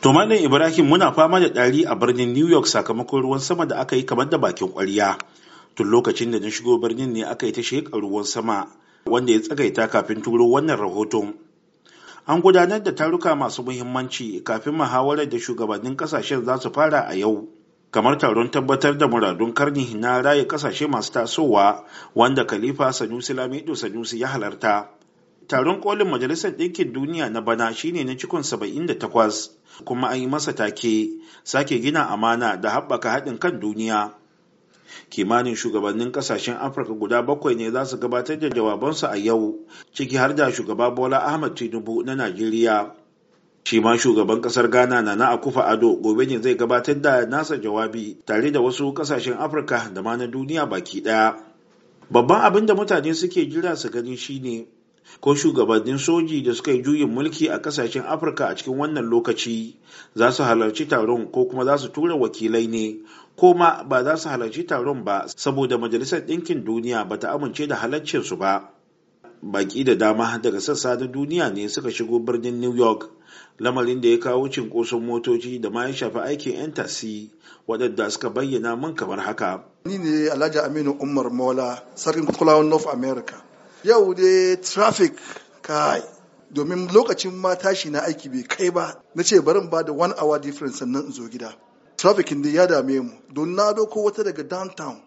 To Malam Ibrahim muna fama da ɗari a birnin New York sakamakon ruwan sama da aka yi kamar da bakin ƙwarya. Tun lokacin da na shigo birnin ne aka yi ta sheƙa ruwan sama wanda ya tsagaita kafin turo wannan rahoton. An gudanar da taruka masu muhimmanci kafin muhawarar da shugabannin ƙasashen za su fara a yau. Kamar taron tabbatar da muradun karni na raye kasashe masu tasowa wanda Khalifa Sanusi Lamido Sanusi ya halarta. taron kolin majalisar ɗinkin duniya na bana shine na cikon 78 kuma an yi masa take sake gina amana da haɓaka haɗin kan duniya kimanin shugabannin ƙasashen afirka guda bakwai ne za su gabatar da jawabansu a yau ciki har da shugaba bola ahmad tinubu na najeriya shi ma shugaban ƙasar ghana na na akufa ado gobe ne zai gabatar da nasa jawabi tare da wasu ƙasashen afirka da ma na duniya baki ɗaya. babban abin da mutane suke jira su gani shine ko shugabannin soji da suka yi juyin mulki a kasashen afirka a cikin wannan lokaci za su halarci taron ko kuma za su tura wakilai ne ko ma ba za su halarci taron ba saboda majalisar ɗinkin duniya ba ta amince da halarcinsu ba baki da dama daga sassa na duniya ne suka shigo birnin new york lamarin da ya kawo cinkoson motoci da ma ya shafi aikin 'yan tasi waɗanda suka bayyana min kamar haka ni ne alhaji aminu umar mola sarkin kulawar north america yau dai traffic kai domin lokacin ma tashi na aiki bai kai ba na ce barin ba da one hour difference sannan in zo gida trafficin dai ya dame mu don na doko wata daga downtown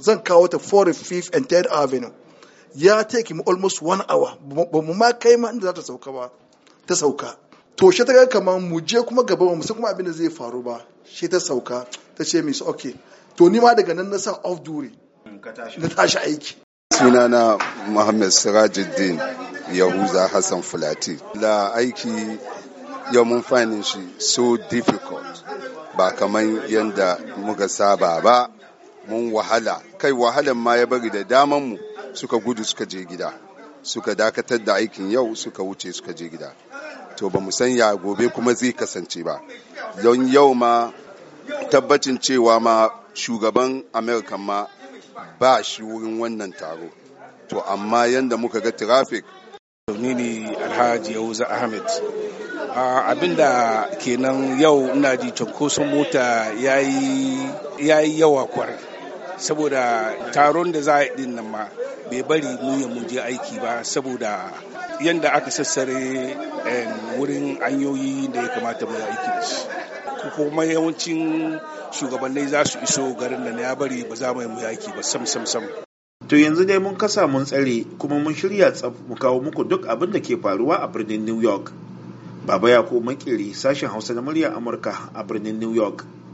zan kawo ta 45 th and 3rd avenue ya take mu almost one hour ba mu ma kai ma inda za ta sauka ba ta sauka to shi ta ga kamar mu je kuma gaba mu san kuma abin da zai faru ba shi ta sauka ta ce miss okay to ni ma daga nan na sa off duty na tashi aiki suna sunana Muhammad Sirajuddin Yahuza Hassan Fulati. La aiki yau mun finding shi so difficult ba kamar yadda muka saba ba mun wahala kai wahalan ma ya bari da daman mu suka gudu suka je gida suka dakatar da aikin yau suka wuce suka je gida to ba san ya gobe kuma zai kasance ba don yau ma tabbacin cewa ma shugaban amerika ma ba shi wurin wannan taro to amma yadda muka ga traffic ni ne alhaji yauza ahmed abinda kenan yau ina ji cunkoson mota ya yi yawa kwarai saboda taron da za a yi din nan ma bai bari mu ya mu aiki ba saboda yadda aka sassare eh, wurin hanyoyi da ya kamata mu aiki da shi kuma yawancin shugabannin za su iso garin na ya bari ba za mu yi aiki ba sam sam sam to yanzu dai mun kasa mun tsare kuma mun shirya tsaf mu kawo muku duk abin da ke faruwa a birnin new york baba ya ko makiri sashen hausa na murya amurka a birnin new york